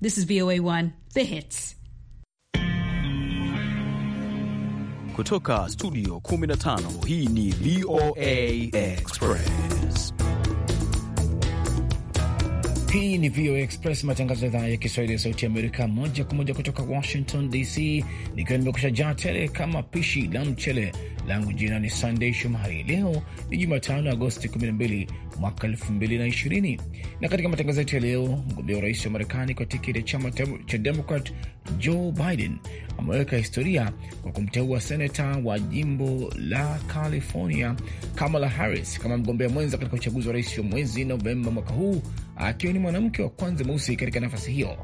This is VOA1, The Hits. Kutoka studio 15 hii ni VOA Express. Hii ni VOA Express, matangazo ya idhaa ya Kiswahili ya Sauti Amerika, moja kwa moja kutoka Washington DC, nikiwa nimekusha jaa tele kama pishi la mchele langu. Jina ni Sandey Shomari. Leo ni Jumatano, Agosti 12 mwaka 2020. Na katika matangazo yetu ya leo, mgombea wa rais wa Marekani kwa tiketi ya chama cha Demokrat Joe Biden ameweka historia kwa kumteua senata wa jimbo la California Kamala Harris kama mgombea mwenza katika uchaguzi wa rais wa mwezi Novemba mwaka huu, akiwa ni mwanamke wa kwanza mweusi katika nafasi hiyo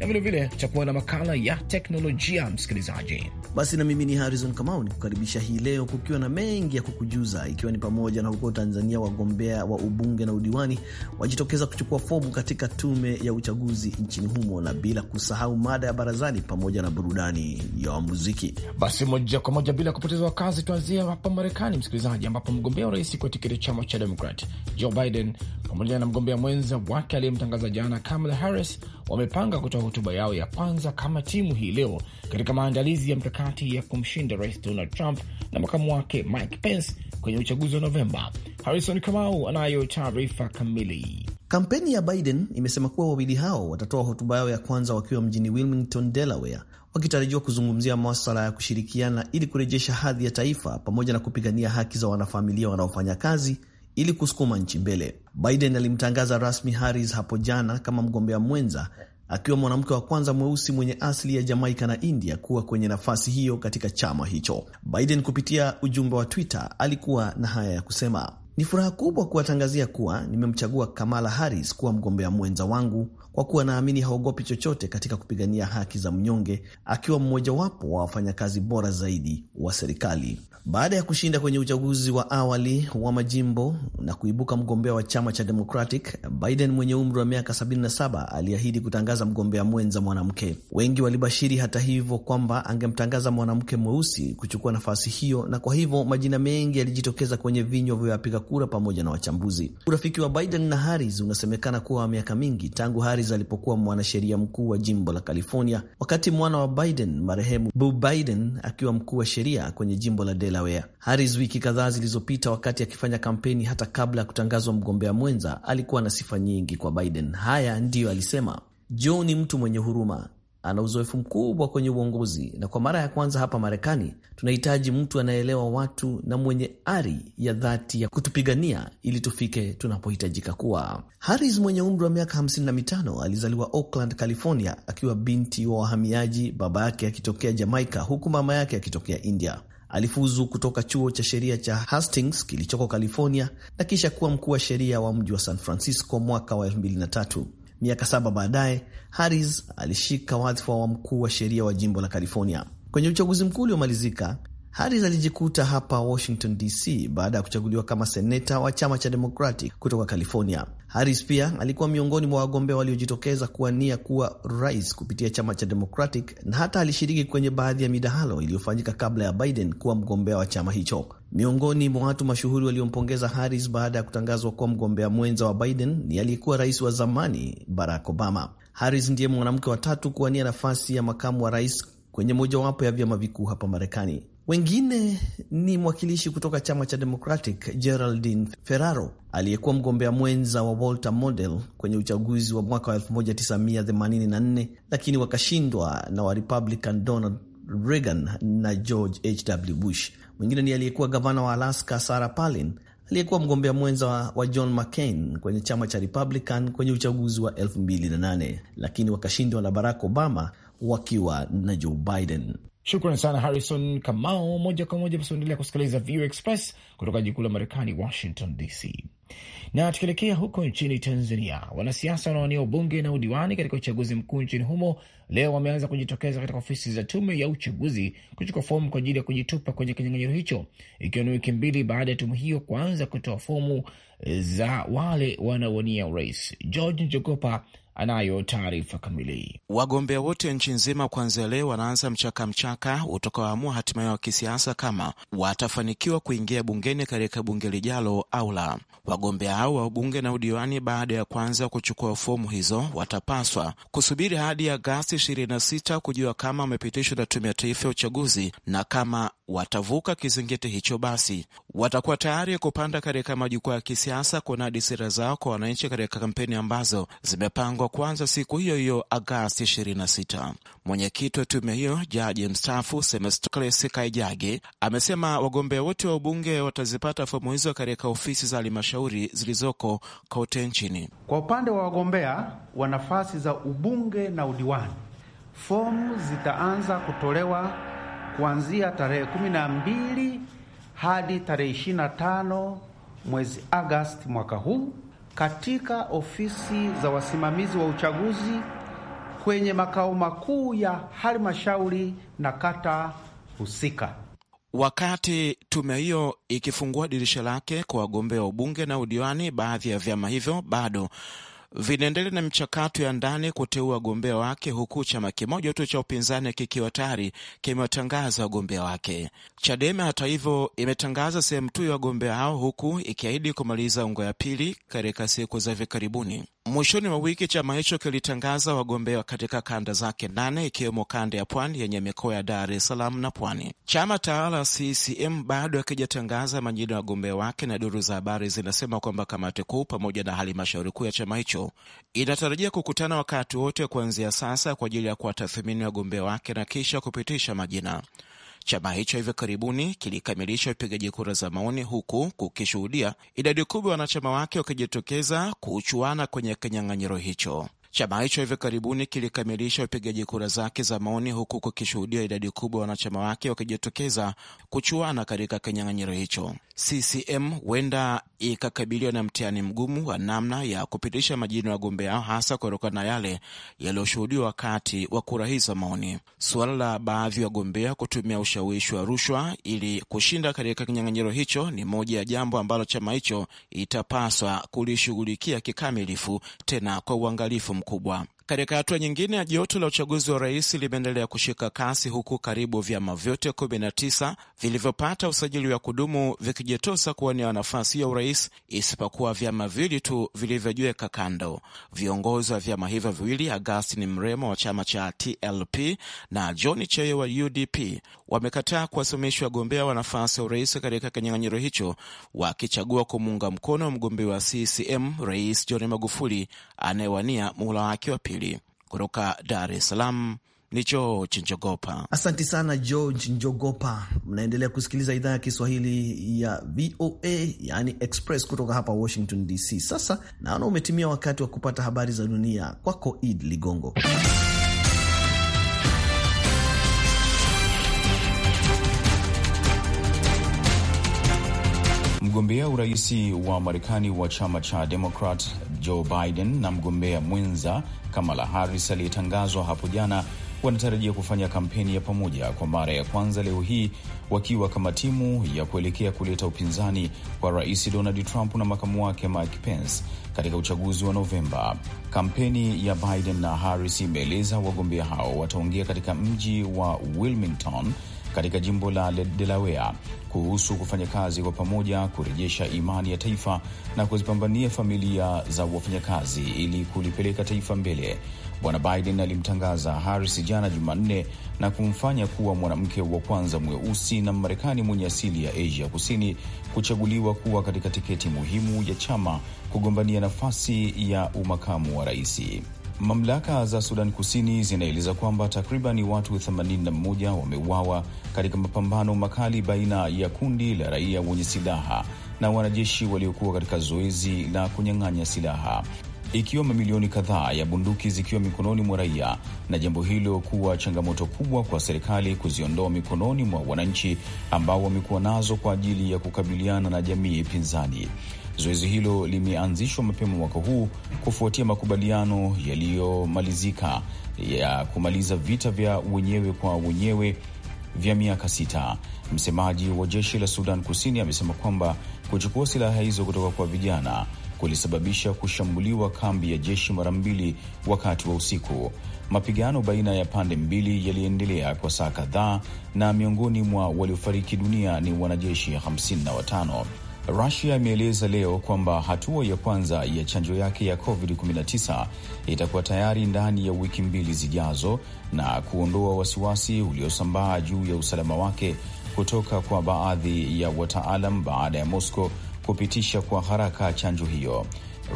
na vilevile tutakuwa na makala ya teknolojia msikilizaji. Basi na mimi ni Harrison Kamau ni kukaribisha hii leo, kukiwa na mengi ya kukujuza, ikiwa ni pamoja na huko Tanzania wagombea wa ubunge na udiwani wajitokeza kuchukua fomu katika tume ya uchaguzi nchini humo, na bila kusahau mada ya barazani pamoja na burudani ya muziki. Basi moja kwa moja bila kupoteza wakazi, tuanzie hapa Marekani msikilizaji, ambapo mgombea wa rais kwa tiketi chama cha Demokrat Joe Biden pamoja na mgombea mwenza wake aliyemtangaza jana Kamala Harris wamepanga kutoa hotuba yao ya kwanza kama timu hii leo katika maandalizi ya mkakati ya kumshinda Rais Donald Trump na makamu wake Mike Pence kwenye uchaguzi wa Novemba. Harrison Kamau anayo taarifa kamili. Kampeni ya Biden imesema kuwa wawili hao watatoa hotuba yao ya kwanza wakiwa mjini Wilmington, Delaware, wakitarajiwa kuzungumzia maswala ya kushirikiana ili kurejesha hadhi ya taifa pamoja na kupigania haki za wanafamilia wanaofanya kazi ili kusukuma nchi mbele. Biden alimtangaza rasmi Harris hapo jana kama mgombea mwenza akiwa mwanamke wa kwanza mweusi mwenye asili ya Jamaika na India kuwa kwenye nafasi hiyo katika chama hicho. Biden kupitia ujumbe wa Twitter alikuwa na haya ya kusema: ni furaha kubwa kuwatangazia kuwa nimemchagua Kamala Harris kuwa mgombea mwenza wangu kwa kuwa naamini haogopi chochote katika kupigania haki za mnyonge, akiwa mmojawapo wa wafanyakazi bora zaidi wa serikali. Baada ya kushinda kwenye uchaguzi wa awali wa majimbo na kuibuka mgombea wa chama cha Democratic, Biden mwenye umri wa miaka 77 aliahidi kutangaza mgombea mwenza mwanamke. Wengi walibashiri hata hivyo kwamba angemtangaza mwanamke mweusi kuchukua nafasi hiyo, na kwa hivyo majina mengi yalijitokeza kwenye vinywa vya wapiga kura pamoja na wachambuzi. Urafiki wa Biden na Harris unasemekana kuwa wa miaka mingi tangu Harris alipokuwa mwanasheria mkuu wa jimbo la California, wakati mwana wa Biden marehemu bu Biden akiwa mkuu wa sheria kwenye jimbo la Delaware. Harris wiki kadhaa zilizopita, wakati akifanya kampeni, hata kabla ya kutangazwa mgombea mwenza, alikuwa na sifa nyingi kwa Biden. Haya ndiyo alisema: Joe ni mtu mwenye huruma, ana uzoefu mkubwa kwenye uongozi, na kwa mara ya kwanza hapa Marekani tunahitaji mtu anayeelewa watu na mwenye ari ya dhati ya kutupigania ili tufike tunapohitajika kuwa. Harris mwenye umri wa miaka 55 alizaliwa Oakland, California, akiwa binti wa wahamiaji, baba yake akitokea Jamaica huku mama yake akitokea India. Alifuzu kutoka chuo cha sheria cha Hastings kilichoko California na kisha kuwa mkuu wa sheria wa mji wa San Francisco mwaka wa 2003. Miaka saba baadaye, Harris alishika wadhifa wa mkuu wa sheria wa jimbo la California. Kwenye uchaguzi mkuu uliomalizika, Harris alijikuta hapa Washington DC baada ya kuchaguliwa kama seneta wa chama cha Democratic kutoka California. Harris pia alikuwa miongoni mwa wagombea waliojitokeza kuwania kuwa rais kupitia chama cha Democratic na hata alishiriki kwenye baadhi ya midahalo iliyofanyika kabla ya Biden kuwa mgombea wa chama hicho. Miongoni mwa watu mashuhuri waliompongeza Harris baada ya kutangazwa kuwa mgombea mwenza wa Biden ni aliyekuwa rais wa zamani Barack Obama. Harris ndiye mwanamke wa tatu kuwania nafasi ya makamu wa rais kwenye mojawapo ya vyama vikuu hapa Marekani. Wengine ni mwakilishi kutoka chama cha Democratic Geraldine Ferraro aliyekuwa mgombea mwenza wa Walter Mondale kwenye uchaguzi wa mwaka wa 1984 lakini wakashindwa na wa Republican Donald Reagan na George H.W. Bush. Mwingine ni aliyekuwa gavana wa Alaska Sarah Palin aliyekuwa mgombea mwenza wa John McCain kwenye chama cha Republican kwenye uchaguzi wa 2008 lakini wakashindwa na Barack Obama wakiwa na Joe Biden. Shukran sana Harrison Kamau. Moja kwa moja basi endelea kusikiliza VOA Express kutoka jikuu la Marekani, Washington DC. Na tukielekea huko nchini Tanzania, wanasiasa wanaowania ubunge na udiwani katika uchaguzi mkuu nchini humo leo wameanza kujitokeza katika ofisi za tume ya uchaguzi kuchukua fomu kwa ajili ya kujitupa kwenye kinyang'anyiro hicho, ikiwa ni wiki mbili baada ya tume hiyo kuanza kutoa fomu za wale wanaowania urais. George Njogopa anayo taarifa kamili. Wagombea wote nchi nzima kuanzia leo wanaanza mchakamchaka utakaoamua hatima yao kisiasa, kama watafanikiwa kuingia bungeni katika bunge lijalo au la. Wagombea hao wa ubunge na udiwani, baada ya kuanza kuchukua fomu hizo, watapaswa kusubiri hadi Agasti 26 kujua kama wamepitishwa na Tume ya Taifa ya Uchaguzi, na kama watavuka kizingiti hicho, basi watakuwa tayari kupanda katika majukwaa ya kisiasa kunadi sera zao kwa wananchi katika kampeni ambazo zimepangwa kwanza siku hiyo hiyo Agasti 26. Mwenyekiti wa tume hiyo jaji mstaafu Semestocles Kaijage amesema wagombea wote wa ubunge watazipata fomu hizo katika ofisi za halmashauri zilizoko kote nchini. Kwa upande wa wagombea wa nafasi za ubunge na udiwani, fomu zitaanza kutolewa kuanzia tarehe 12 hadi tarehe 25 mwezi Agasti mwaka huu katika ofisi za wasimamizi wa uchaguzi kwenye makao makuu ya halmashauri na kata husika. Wakati tume hiyo ikifungua dirisha lake kwa wagombea wa ubunge na udiwani, baadhi ya vyama hivyo bado vinaendelea na michakato ya ndani kuteua wagombea wake, huku chama kimoja tu cha upinzani kikiwa tayari kimewatangaza wagombea wake. Chadema hata hivyo imetangaza sehemu tu ya wagombea hao, huku ikiahidi kumaliza ungo ya pili katika siku za hivi karibuni. Mwishoni mwa wiki chama hicho kilitangaza wagombea katika kanda zake nane ikiwemo kanda ya pwani yenye mikoa ya Dar es Salaam na Pwani. Chama tawala CCM bado hakijatangaza majina ya wagombea wake, na duru za habari zinasema kwamba kamati kuu pamoja na halmashauri kuu ya chama hicho inatarajia kukutana wakati wote kuanzia sasa kwa ajili ya kuwatathmini wagombea wake na kisha kupitisha majina. Chama hicho hivi karibuni kilikamilisha upigaji kura za maoni, huku kukishuhudia idadi kubwa ya wanachama wake wakijitokeza kuchuana kwenye kinyang'anyiro hicho. Chama hicho hivi karibuni kilikamilisha upigaji kura zake za maoni huku kukishuhudia idadi kubwa wanachama wake wakijitokeza kuchuana katika kinyang'anyiro hicho. CCM huenda ikakabiliwa na mtihani mgumu wa namna ya kupitisha majina ya wagombea, hasa kutokana na yale yaliyoshuhudiwa wakati wa kura hizo maoni. Suala la baadhi ya wagombea kutumia ushawishi wa rushwa ili kushinda katika kinyang'anyiro hicho ni moja ya jambo ambalo chama hicho itapaswa kulishughulikia kikamilifu, tena kwa uangalifu mkubwa. Katika hatua nyingine, joto la uchaguzi wa rais limeendelea kushika kasi, huku karibu vyama vyote 19 vilivyopata usajili wa kudumu vikijitosa kuwania nafasi ya urais isipokuwa vyama viwili tu vilivyojiweka kando. Viongozi wa vyama hivyo viwili, Agustin Mrema wa chama cha TLP na John Cheye wa UDP, wamekataa kuwasimamisha wagombea wa nafasi ya urais katika kinyang'anyiro hicho, wakichagua kumuunga mkono mgombea wa CCM Rais John Magufuli anayewania muhula wake wa pili. Kiswahili. Kutoka Dar es Salaam ni George Njogopa. Asante sana George Njogopa. Mnaendelea kusikiliza idhaa ya Kiswahili ya VOA yani Express kutoka hapa Washington DC. Sasa naona umetimia wakati wa kupata habari za dunia. Kwako Id Ligongo. Mgombea urais wa Marekani wa chama cha Demokrat Joe Biden na mgombea mwenza Kamala Harris aliyetangazwa hapo jana wanatarajia kufanya kampeni ya pamoja kwa mara ya kwanza leo hii wakiwa kama timu ya kuelekea kuleta upinzani kwa rais Donald Trump na makamu wake Mike Pence katika uchaguzi wa Novemba. Kampeni ya Biden na Harris imeeleza wagombea hao wataongea katika mji wa Wilmington katika jimbo la Delaware kuhusu kufanya kazi kwa pamoja kurejesha imani ya taifa na kuzipambania familia za wafanyakazi ili kulipeleka taifa mbele. Bwana Biden alimtangaza Harris jana Jumanne na kumfanya kuwa mwanamke wa kwanza mweusi na Mmarekani mwenye asili ya Asia Kusini kuchaguliwa kuwa katika tiketi muhimu ya chama kugombania nafasi ya umakamu wa raisi. Mamlaka za Sudan Kusini zinaeleza kwamba takriban watu 81 wameuawa katika mapambano makali baina ya kundi la raia wenye silaha na wanajeshi waliokuwa katika zoezi la kunyang'anya silaha ikiwa mamilioni kadhaa ya bunduki zikiwa mikononi mwa raia, na jambo hilo kuwa changamoto kubwa kwa serikali kuziondoa mikononi mwa wananchi ambao wamekuwa nazo kwa ajili ya kukabiliana na jamii pinzani. Zoezi hilo limeanzishwa mapema mwaka huu kufuatia makubaliano yaliyomalizika ya kumaliza vita vya wenyewe kwa wenyewe vya miaka sita. Msemaji wa jeshi la Sudan Kusini amesema kwamba kuchukua silaha hizo kutoka kwa vijana kulisababisha kushambuliwa kambi ya jeshi mara mbili wakati wa usiku. Mapigano baina ya pande mbili yaliendelea kwa saa kadhaa, na miongoni mwa waliofariki dunia ni wanajeshi 55. Rusia imeeleza leo kwamba hatua ya kwanza ya chanjo yake ya COVID-19 itakuwa tayari ndani ya wiki mbili zijazo na kuondoa wasiwasi uliosambaa juu ya usalama wake kutoka kwa baadhi ya wataalam baada ya Moscow kupitisha kwa haraka chanjo hiyo.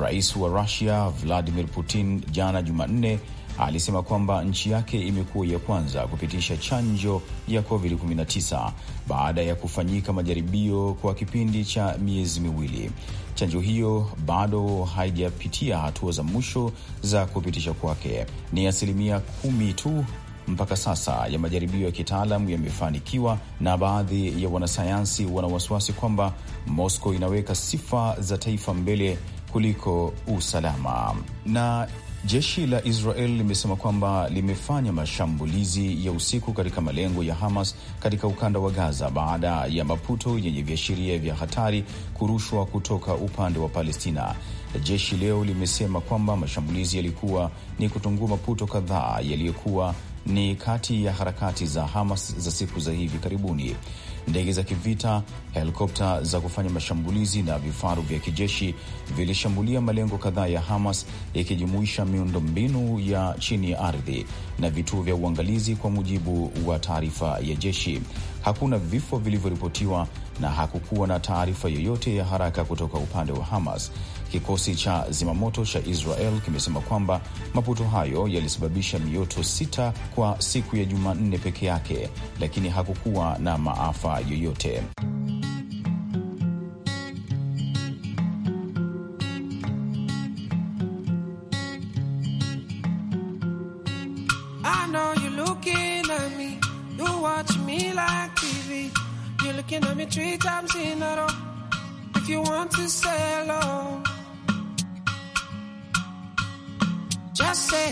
Rais wa Rusia Vladimir Putin jana Jumanne alisema kwamba nchi yake imekuwa ya kwanza kupitisha chanjo ya COVID-19 baada ya kufanyika majaribio kwa kipindi cha miezi miwili. Chanjo hiyo bado haijapitia hatua za mwisho za kupitisha kwake, ni asilimia kumi tu mpaka sasa ya majaribio ya kitaalamu yamefanikiwa, na baadhi ya wanasayansi wana wasiwasi kwamba Moscow inaweka sifa za taifa mbele kuliko usalama. Na jeshi la Israel limesema kwamba limefanya mashambulizi ya usiku katika malengo ya Hamas katika ukanda wa Gaza baada ya maputo yenye viashiria vya hatari kurushwa kutoka upande wa Palestina. Jeshi leo limesema kwamba mashambulizi yalikuwa ni kutungua maputo kadhaa yaliyokuwa ni kati ya harakati za Hamas za siku za hivi karibuni. Ndege za kivita, helikopta za kufanya mashambulizi na vifaru vya kijeshi vilishambulia malengo kadhaa ya Hamas, ikijumuisha mbinu ya chini ya ardhi na vituo vya uangalizi, kwa mujibu wa taarifa ya jeshi. Hakuna vifo vilivyoripotiwa na hakukuwa na taarifa yoyote ya haraka kutoka upande wa Hamas. Kikosi cha zimamoto cha Israel kimesema kwamba maputo hayo yalisababisha mioto sita kwa siku ya Jumanne peke yake, lakini hakukuwa na maafa yoyote.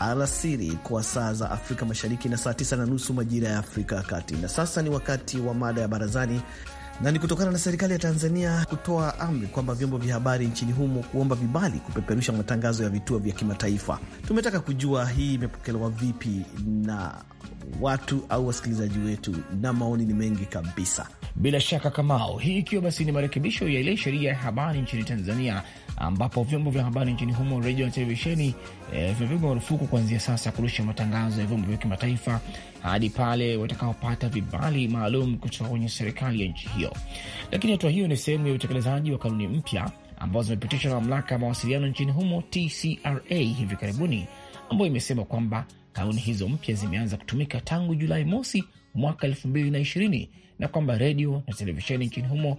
alasiri kwa saa za Afrika Mashariki na saa tisa na nusu majira ya Afrika ya Kati. Na sasa ni wakati wa mada ya barazani, na ni kutokana na serikali ya Tanzania kutoa amri kwamba vyombo vya habari nchini humo kuomba vibali kupeperusha matangazo ya vituo vya kimataifa. Tumetaka kujua hii imepokelewa vipi na watu au wasikilizaji wetu, na maoni ni mengi kabisa. Bila shaka, Kamao, hii ikiwa basi ni marekebisho ya ile sheria ya habari nchini Tanzania ambapo vyombo vya habari nchini humo, redio na televisheni eh, vimepigwa marufuku kuanzia sasa kurusha matangazo ya vyombo vya kimataifa hadi pale watakaopata vibali maalum kutoka kwenye serikali ya nchi hiyo. Lakini hatua hiyo ni sehemu ya utekelezaji wa kanuni mpya ambazo zimepitishwa na mamlaka ya mawasiliano nchini humo TCRA hivi karibuni, ambayo imesema kwamba kanuni hizo mpya zimeanza kutumika tangu Julai mosi mwaka 2020 na kwamba redio na televisheni nchini humo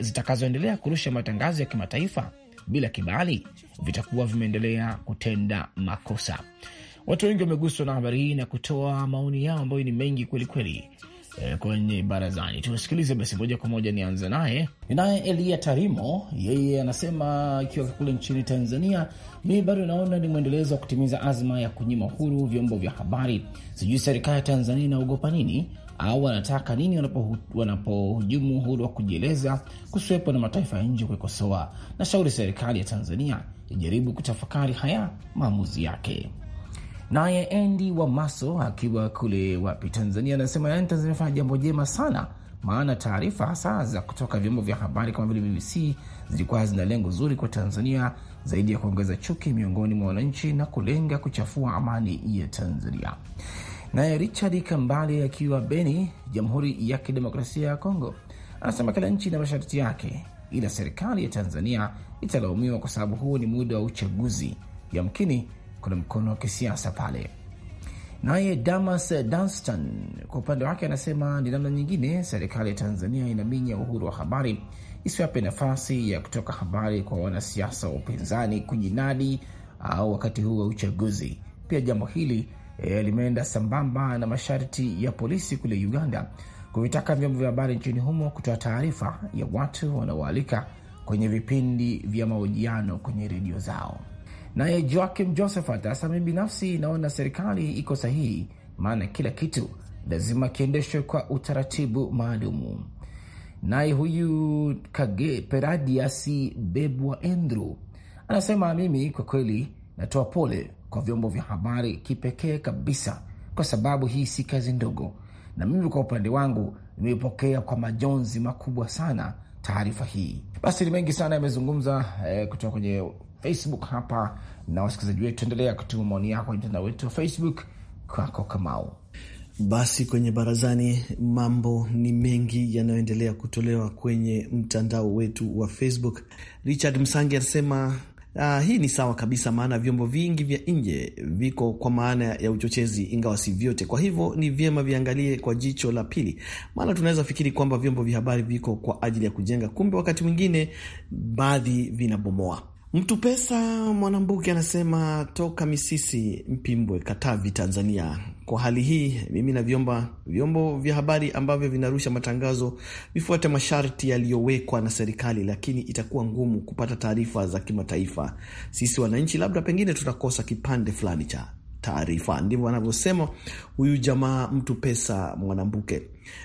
zitakazoendelea kurusha matangazo ya kimataifa bila kibali vitakuwa vimeendelea kutenda makosa. Watu wengi wameguswa na habari hii na kutoa maoni yao ambayo ni mengi kwelikweli eh, kwenye barazani. tuwasikilize basi moja kwa moja, nianze naye ninaye Elia Tarimo, yeye anasema ikiwa kule nchini Tanzania, mimi bado naona ni mwendelezo wa kutimiza azma ya kunyima uhuru vyombo vya habari. Sijui serikali ya Tanzania inaogopa nini au wanataka nini wanapohujumu uhuru wa kujieleza, kusiwepo na mataifa ya nje kuikosoa. Nashauri serikali ya Tanzania ijaribu kutafakari haya maamuzi yake. Naye Endi wa Maso akiwa kule wapi Tanzania anasema yani, Tanzania fanya jambo jema sana, maana taarifa hasa za kutoka vyombo vya habari kama vile BBC zilikuwa hazina lengo zuri kwa Tanzania zaidi ya kuongeza chuki miongoni mwa wananchi na kulenga kuchafua amani ya Tanzania. Naye Richard Kambale akiwa Beni, Jamhuri ya Kidemokrasia ya Kongo, anasema kila nchi ina masharti yake, ila serikali ya Tanzania italaumiwa kwa sababu huu ni muda wa uchaguzi. Yamkini kuna mkono wa kisiasa pale. Naye Damas Danstan kwa upande wake anasema ni namna nyingine serikali ya Tanzania inaminya uhuru wa habari, isiwape nafasi ya kutoka habari kwa wanasiasa wa upinzani kujinadi, au wakati huu wa uchaguzi. Pia jambo hili eh, limeenda sambamba na masharti ya polisi kule Uganda kuvitaka vyombo vya habari nchini humo kutoa taarifa ya watu wanaoalika kwenye vipindi vya mahojiano kwenye redio zao. Naye Joakim Josephat asami, binafsi naona serikali iko sahihi, maana kila kitu lazima kiendeshwe kwa utaratibu maalumu. Naye huyu Kage Peradiasi Bebwa Endru anasema mimi kwa kweli natoa pole kwa vyombo vya habari kipekee kabisa, kwa sababu hii si kazi ndogo, na mimi kwa upande wangu nimepokea kwa majonzi makubwa sana taarifa hii. Basi ni mengi sana yamezungumza eh, kutoka kwenye Facebook hapa na wasikilizaji wetu, endelea kutuma maoni yako kwenye mtandao wetu wa Facebook. Kwako Kamau. Basi kwenye barazani, mambo ni mengi yanayoendelea kutolewa kwenye mtandao wetu wa Facebook. Richard Msangi anasema Uh, hii ni sawa kabisa, maana vyombo vingi vya nje viko kwa maana ya uchochezi, ingawa si vyote. Kwa hivyo ni vyema viangalie kwa jicho la pili, maana tunaweza fikiri kwamba vyombo vya habari viko kwa ajili ya kujenga, kumbe wakati mwingine baadhi vinabomoa. Mtu pesa Mwanambuke anasema toka Misisi, Mpimbwe, Katavi, Tanzania. Kwa hali hii, mimi na vyomba vyombo vya habari ambavyo vinarusha matangazo vifuate masharti yaliyowekwa na serikali, lakini itakuwa ngumu kupata taarifa za kimataifa. Sisi wananchi, labda pengine tutakosa kipande fulani cha taarifa. Ndivyo anavyosema huyu jamaa mtu pesa Mwanambuke.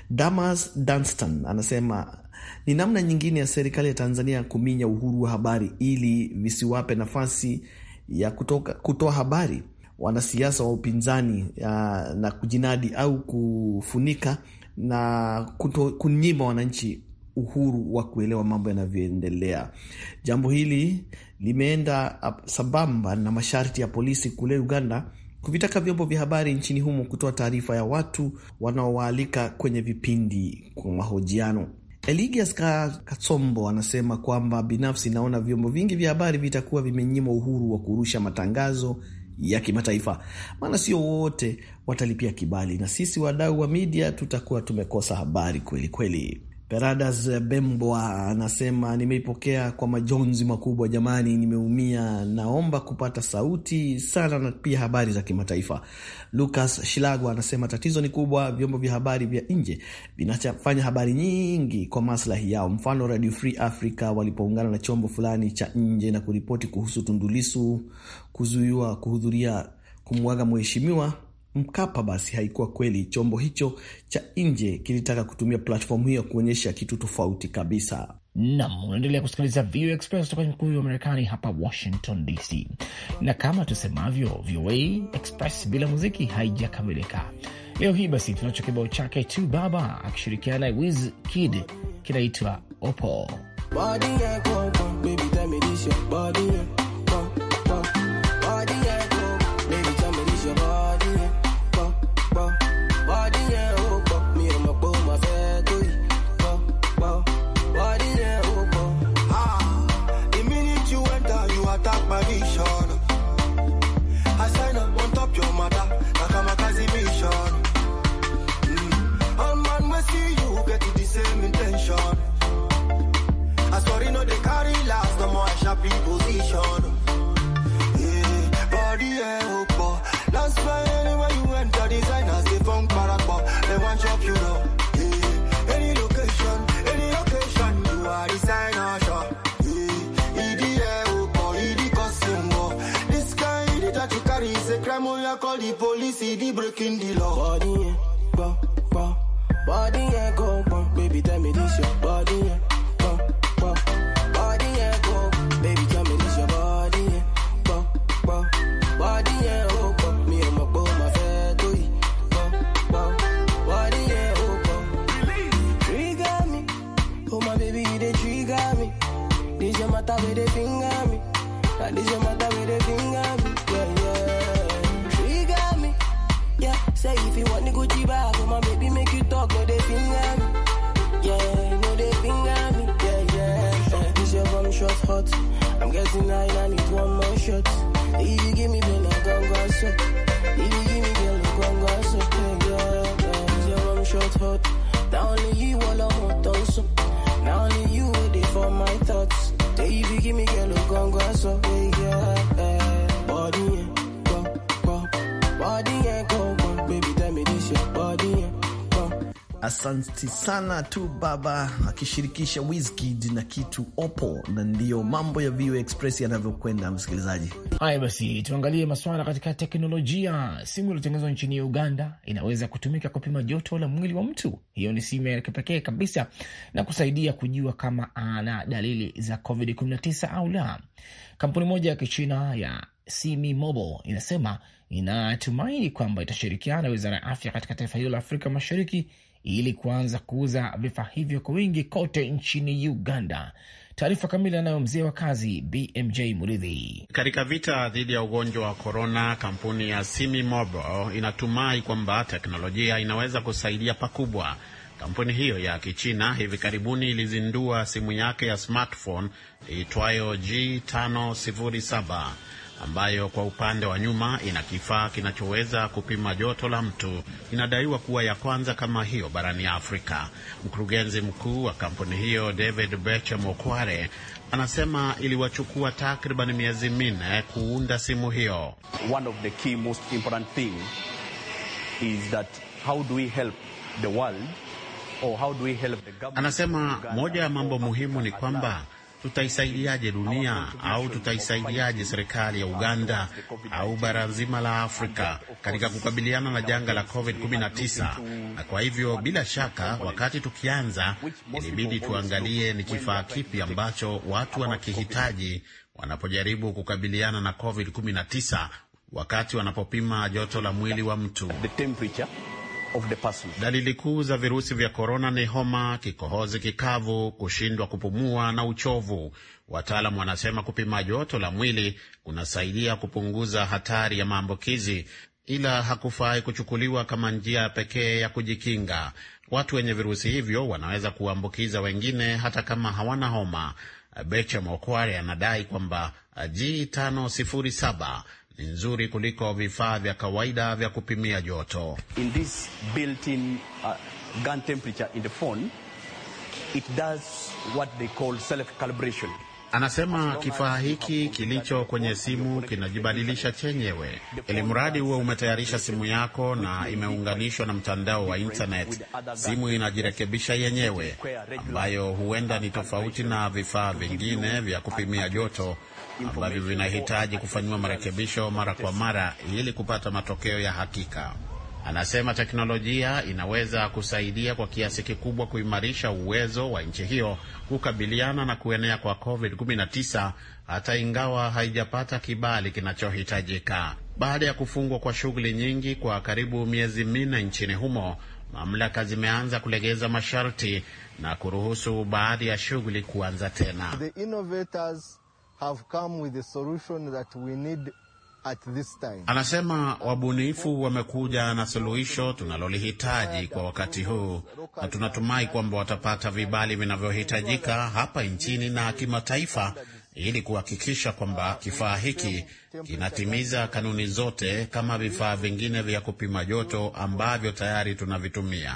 Damas Danstan anasema ni namna nyingine ya serikali ya Tanzania kuminya uhuru wa habari ili visiwape nafasi ya kutoka, kutoa habari wanasiasa wa upinzani na kujinadi au kufunika na kuto, kunyima wananchi uhuru wa kuelewa mambo yanavyoendelea. Jambo hili limeenda sambamba na masharti ya polisi kule Uganda kuvitaka vyombo vya habari nchini humo kutoa taarifa ya watu wanaowaalika kwenye vipindi kwa mahojiano. Eligias Katsombo anasema kwamba binafsi, naona vyombo vingi vya habari vitakuwa vimenyimwa uhuru wa kurusha matangazo ya kimataifa, maana sio wote watalipia kibali, na sisi wadau wa midia tutakuwa tumekosa habari kweli kweli. Peradas Bembwa anasema nimeipokea kwa majonzi makubwa jamani, nimeumia. Naomba kupata sauti sana na pia habari za kimataifa. Lucas Shilagwa anasema tatizo ni kubwa, vyombo vya habari vya nje vinafanya habari nyingi kwa maslahi yao. Mfano, Radio Free Africa walipoungana na chombo fulani cha nje na kuripoti kuhusu Tundulisu kuzuiwa kuhudhuria kumwaga mheshimiwa Mkapa, basi haikuwa kweli. Chombo hicho cha nje kilitaka kutumia platformu hiyo kuonyesha kitu tofauti kabisa. Nam, unaendelea kusikiliza VOA Express kutoka mkuu wa Marekani hapa Washington DC, na kama tusemavyo VOA Express bila muziki haijakamilika. Leo hii basi tunacho kibao chake tu baba akishirikiana Wiz Kid kinaitwa Opo. Asanti sana tu baba, akishirikisha Wizkid na kitu opo. Na ndiyo mambo ya VOA Express yanavyokwenda, msikilizaji. Haya basi, tuangalie masuala katika teknolojia. Simu iliyotengenezwa nchini Uganda inaweza kutumika kupima joto la mwili wa mtu. Hiyo ni simu ya kipekee kabisa na kusaidia kujua kama ana dalili za COVID-19 au la. Kampuni moja ya kichina ya Simi Mobile inasema inatumaini kwamba itashirikiana na wizara ya afya katika taifa hilo la Afrika Mashariki ili kuanza kuuza vifaa hivyo kwa wingi kote nchini Uganda. Taarifa kamili anayo mzee wa kazi BMJ Muridhi. Katika vita dhidi ya ugonjwa wa korona, kampuni ya Simimobo inatumai kwamba teknolojia inaweza kusaidia pakubwa. Kampuni hiyo ya Kichina hivi karibuni ilizindua simu yake ya smartphone iitwayo G507 ambayo kwa upande wa nyuma ina kifaa kinachoweza kupima joto la mtu inadaiwa kuwa ya kwanza kama hiyo barani Afrika. Mkurugenzi mkuu wa kampuni hiyo David beche mokware anasema iliwachukua takriban miezi minne kuunda simu hiyo. One of the key most important thing is that how do we help the world or how do we help the government. Anasema moja ya mambo muhimu ni kwamba tutaisaidiaje dunia au tutaisaidiaje serikali ya Uganda au bara zima la Afrika katika kukabiliana na janga la COVID-19? Na kwa hivyo, bila shaka, wakati tukianza, ilibidi tuangalie ni kifaa kipi ambacho watu wanakihitaji wanapojaribu kukabiliana na COVID-19 wakati wanapopima joto la mwili wa mtu of the person. Dalili kuu za virusi vya korona ni homa, kikohozi kikavu, kushindwa kupumua na uchovu. Wataalamu wanasema kupima joto la mwili kunasaidia kupunguza hatari ya maambukizi, ila hakufai kuchukuliwa kama njia pekee ya kujikinga. Watu wenye virusi hivyo wanaweza kuwaambukiza wengine hata kama hawana homa. Becha Mokware anadai kwamba G507 ni nzuri kuliko vifaa vya kawaida vya kupimia joto. In this built-in, uh, gun temperature in the phone, it does what they call self-calibration. Anasema kifaa hiki kilicho kwenye simu kinajibadilisha chenyewe, ili mradi huo umetayarisha simu yako na imeunganishwa na mtandao wa intanet, simu inajirekebisha yenyewe, ambayo huenda ni tofauti na vifaa vingine vya kupimia joto ambavyo vinahitaji kufanyiwa marekebisho mara kwa mara ili kupata matokeo ya hakika. Anasema teknolojia inaweza kusaidia kwa kiasi kikubwa kuimarisha uwezo wa nchi hiyo kukabiliana na kuenea kwa COVID-19 hata ingawa haijapata kibali kinachohitajika. Baada ya kufungwa kwa shughuli nyingi kwa karibu miezi minne nchini humo, mamlaka zimeanza kulegeza masharti na kuruhusu baadhi ya shughuli kuanza tena. The innovators have come with the solution that we need at this time. Anasema wabunifu wamekuja na suluhisho tunalolihitaji kwa wakati huu, na tunatumai kwamba watapata vibali vinavyohitajika hapa nchini na kimataifa ili kuhakikisha kwamba kifaa hiki kinatimiza kanuni zote kama vifaa vingine vya kupima joto ambavyo tayari tunavitumia.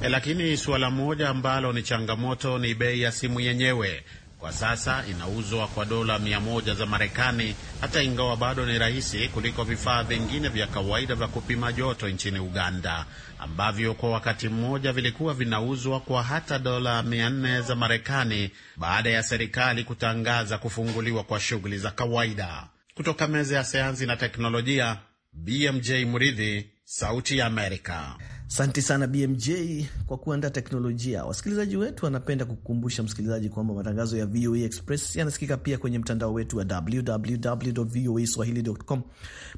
E, lakini suala moja ambalo ni changamoto ni bei ya simu yenyewe kwa sasa inauzwa kwa dola mia moja za Marekani, hata ingawa bado ni rahisi kuliko vifaa vingine vya kawaida vya kupima joto nchini Uganda ambavyo kwa wakati mmoja vilikuwa vinauzwa kwa hata dola mia nne za Marekani baada ya serikali kutangaza kufunguliwa kwa shughuli za kawaida. Kutoka meza ya sayansi na teknolojia, BMJ Muridhi, Sauti ya Amerika. Asante sana BMJ kwa kuandaa teknolojia. Wasikilizaji wetu wanapenda kukukumbusha msikilizaji kwamba matangazo ya VOA e Express yanasikika pia kwenye mtandao wetu wa www voa e swahili.com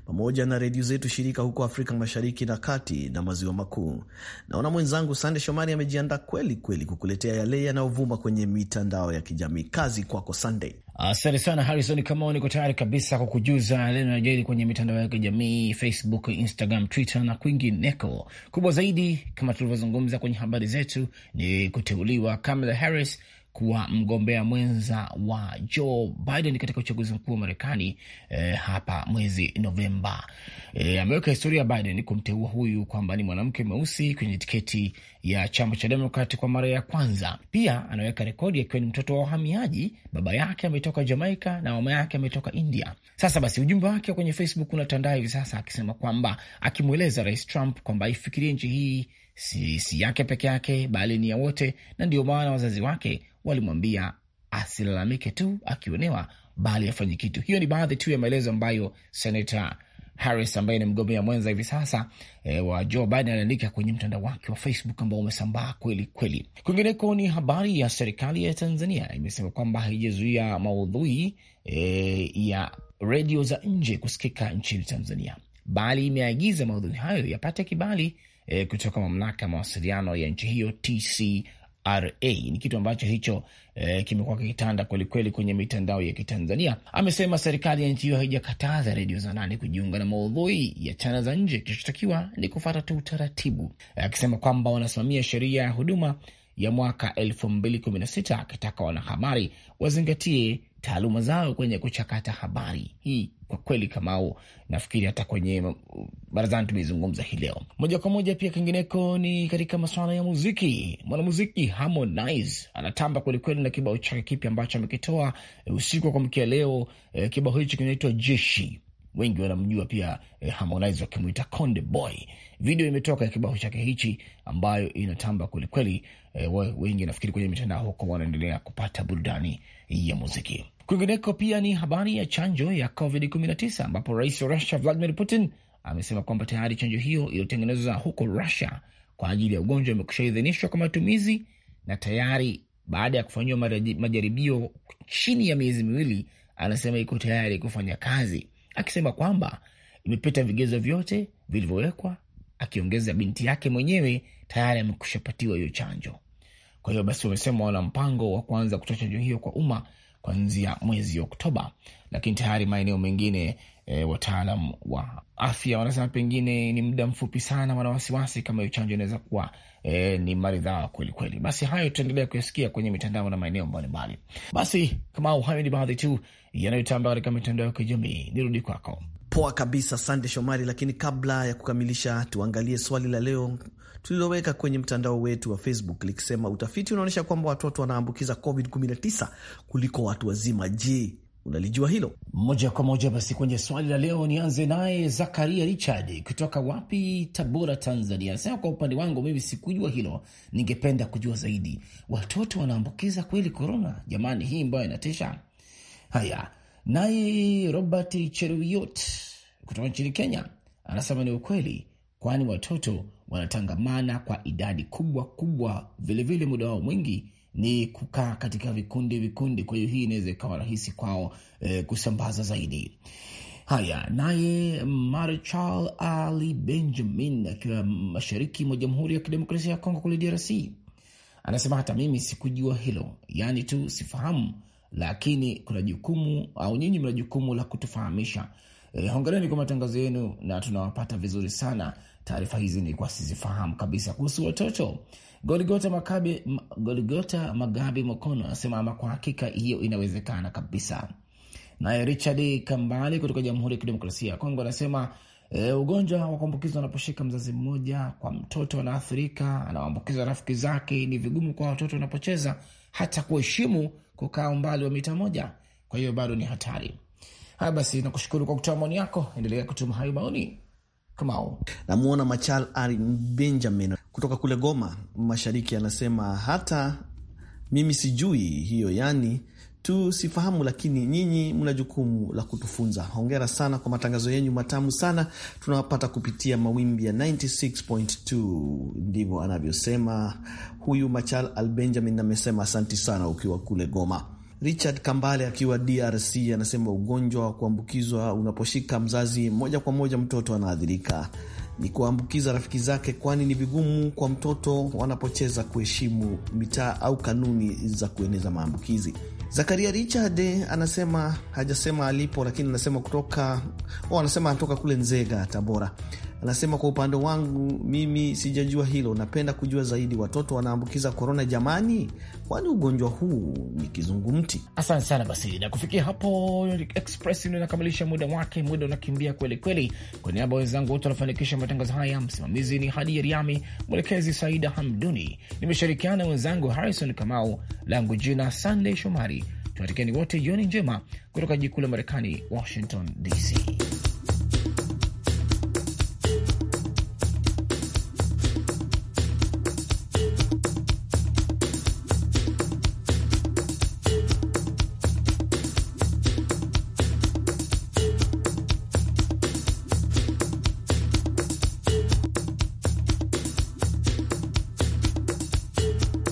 pamoja na redio zetu shirika huko Afrika Mashariki na Kati na Maziwa Makuu. Naona mwenzangu Sande Shomari amejiandaa kweli kweli kukuletea yale yanayovuma kwenye mitandao ya kijamii. Kazi kwako Sande. Asante sana Harison Kamau, niko tayari kabisa kwa kujuza yale yanayojiri kwenye mitandao ya kijamii, Facebook, Instagram, Twitter na kwingineko kubwa zaidi, kama tulivyozungumza kwenye habari zetu, ni kuteuliwa Kamala Harris kuwa mgombea mwenza wa Joe Biden katika uchaguzi mkuu wa Marekani e, hapa mwezi Novemba. E, ameweka historia ya Biden kumteua huyu kwamba ni mwanamke mweusi kwenye tiketi ya chama cha Demokrat kwa mara ya kwanza. Pia anaweka rekodi akiwa ni mtoto wa wahamiaji, baba yake ametoka Jamaika na mama yake ametoka India. Sasa basi, ujumbe wake kwenye Facebook unatandaa hivi sasa akisema kwamba akimweleza Rais Trump kwamba aifikirie nchi hii si, si yake peke yake, bali ni ya wote, na ndio maana wazazi wake walimwambia asilalamike tu akionewa, bali afanye kitu. Hiyo ni baadhi tu ya maelezo ambayo senata Harris ambaye ni mgombea mwenza hivi sasa e, wa Joe Biden aliandika kwenye mtandao wake wa Facebook ambao umesambaa kweli kweli. Kwingineko ni habari ya serikali ya Tanzania imesema kwamba haijazuia maudhui e, ya redio za nje kusikika nchini Tanzania, bali imeagiza maudhui hayo yapate kibali e, kutoka mamlaka ya mawasiliano ya nchi hiyo TCRA. Ni kitu ambacho hicho e, kimekuwa kikitanda kwelikweli kwenye mitandao ya Kitanzania. Amesema serikali ya nchi hiyo haijakataza redio za nane kujiunga na maudhui ya chana za nje, kinachotakiwa ni kufata tu utaratibu, eh, akisema kwamba wanasimamia sheria ya huduma ya mwaka elfu mbili kumi na sita akitaka wanahabari wazingatie taaluma zao kwenye kuchakata habari hii kwa kweli, Kamau, nafikiri hata kwenye barazani tumeizungumza hii leo moja kwa moja. Pia kingineko ni katika masuala ya muziki. Mwanamuziki Harmonize anatamba kwelikweli na kibao chake kipya ambacho amekitoa eh, usiku wa kuamkia leo. Eh, kibao hicho kinaitwa Jeshi wengi wanamjua pia eh, Harmonize wakimwita Konde Boy. Video imetoka ya kibao chake hichi ambayo inatamba kwelikweli. Eh, wengi nafikiri kwenye mitandao huko wanaendelea kupata burudani ya muziki. Kwingineko pia ni habari ya chanjo ya COVID-19 ambapo rais wa Russia Vladimir Putin amesema kwamba tayari chanjo hiyo iliyotengenezwa huko Russia kwa ajili ya ugonjwa imekushaidhinishwa kwa matumizi na tayari baada ya kufanyiwa majaribio chini ya miezi miwili, anasema iko tayari kufanya kazi, akisema kwamba imepita vigezo vyote vilivyowekwa, akiongeza binti yake mwenyewe tayari amekushapatiwa hiyo chanjo. Kwa hiyo basi, wamesema wana mpango wa kuanza kutoa chanjo hiyo kwa umma kuanzia mwezi Oktoba, lakini tayari maeneo mengine e, wataalam wa afya wanasema pengine ni muda mfupi sana, wana wasiwasi kama hiyo chanjo inaweza kuwa e, ni maridhawa kwelikweli. Basi hayo tutaendelea kuyasikia kwenye mitandao na maeneo mbalimbali. Basi kama hayo ni baadhi tu yanayotamba katika mitandao ya kijamii. Nirudi kwako. Poa kabisa, sande Shomari. Lakini kabla ya kukamilisha, tuangalie swali la leo tuliloweka kwenye mtandao wetu wa Facebook likisema, utafiti unaonyesha kwamba watoto wanaambukiza COVID-19 kuliko watu wazima. Je, unalijua hilo? Moja kwa moja basi kwenye swali la leo, nianze naye Zakaria Richard kutoka wapi, Tabora, Tanzania, anasema kwa upande wangu mimi sikujua hilo, ningependa kujua zaidi. Watoto wanaambukiza kweli korona? Jamani, hii mbayo inatisha. Haya, Naye Robert cheruyot kutoka nchini Kenya anasema ni ukweli, kwani watoto wanatangamana kwa idadi kubwa kubwa, vilevile muda wao mwingi ni kukaa katika vikundi vikundi, kwa hiyo hii inaweza ikawa rahisi kwao e, kusambaza zaidi. Haya, naye Marechal Ali Benjamin akiwa mashariki mwa Jamhuri ya Kidemokrasia ya Kongo kule DRC anasema hata mimi sikujua hilo, yaani tu sifahamu lakini kuna jukumu au nyinyi mna jukumu la kutufahamisha. E, hongereni kwa matangazo yenu na tunawapata vizuri sana. Taarifa hizi nilikuwa sizifahamu kabisa kuhusu watoto. Goligota Makabe, Goligota Magabi Mokono anasema ama kwa hakika hiyo inawezekana kabisa. Naye Richard Kambali kutoka Jamhuri ya Kidemokrasia ya Kongo anasema e, ugonjwa wa kuambukizwa unaposhika mzazi mmoja kwa mtoto anaathirika, anawaambukiza rafiki zake. Ni vigumu kwa watoto wanapocheza hata kuheshimu kukaa umbali wa mita moja, kwa hiyo bado ni hatari. Haya basi, nakushukuru kwa kutoa maoni yako, endelea kutuma hayo maoni. Kamao namwona Machal Ari Benjamin kutoka kule Goma Mashariki, anasema hata mimi sijui hiyo, yani tusifahamu, lakini nyinyi mna jukumu la kutufunza. Hongera sana kwa matangazo yenyu matamu sana, tunawapata kupitia mawimbi ya 96.2. Ndivyo anavyosema huyu Machal Al Benjamin, amesema asanti sana ukiwa kule Goma. Richard Kambale akiwa DRC anasema ugonjwa wa kuambukizwa unaposhika mzazi moja kwa moja mtoto anaathirika ni kuambukiza rafiki zake, kwani ni vigumu kwa mtoto wanapocheza kuheshimu mitaa au kanuni za kueneza maambukizi. Zakaria Richard anasema hajasema alipo, lakini anasema kutoka, oh, anasema anatoka kule Nzega, Tabora. Anasema, kwa upande wangu mimi sijajua hilo, napenda kujua zaidi. Watoto wanaambukiza korona jamani, kwani ugonjwa huu ni kizungumti? Asante sana. Basi na kufikia hapo, Express ndio inakamilisha muda wake. Muda unakimbia kweli kweli. Kwa niaba wenzangu wote wanafanikisha matangazo haya, msimamizi ni Hadi Riami, mwelekezi Saida Hamduni, nimeshirikiana wenzangu Harrison Kamau, langu jina Sandey Shomari. Tunatakieni wote jioni njema kutoka jikuu la Marekani, Washington DC.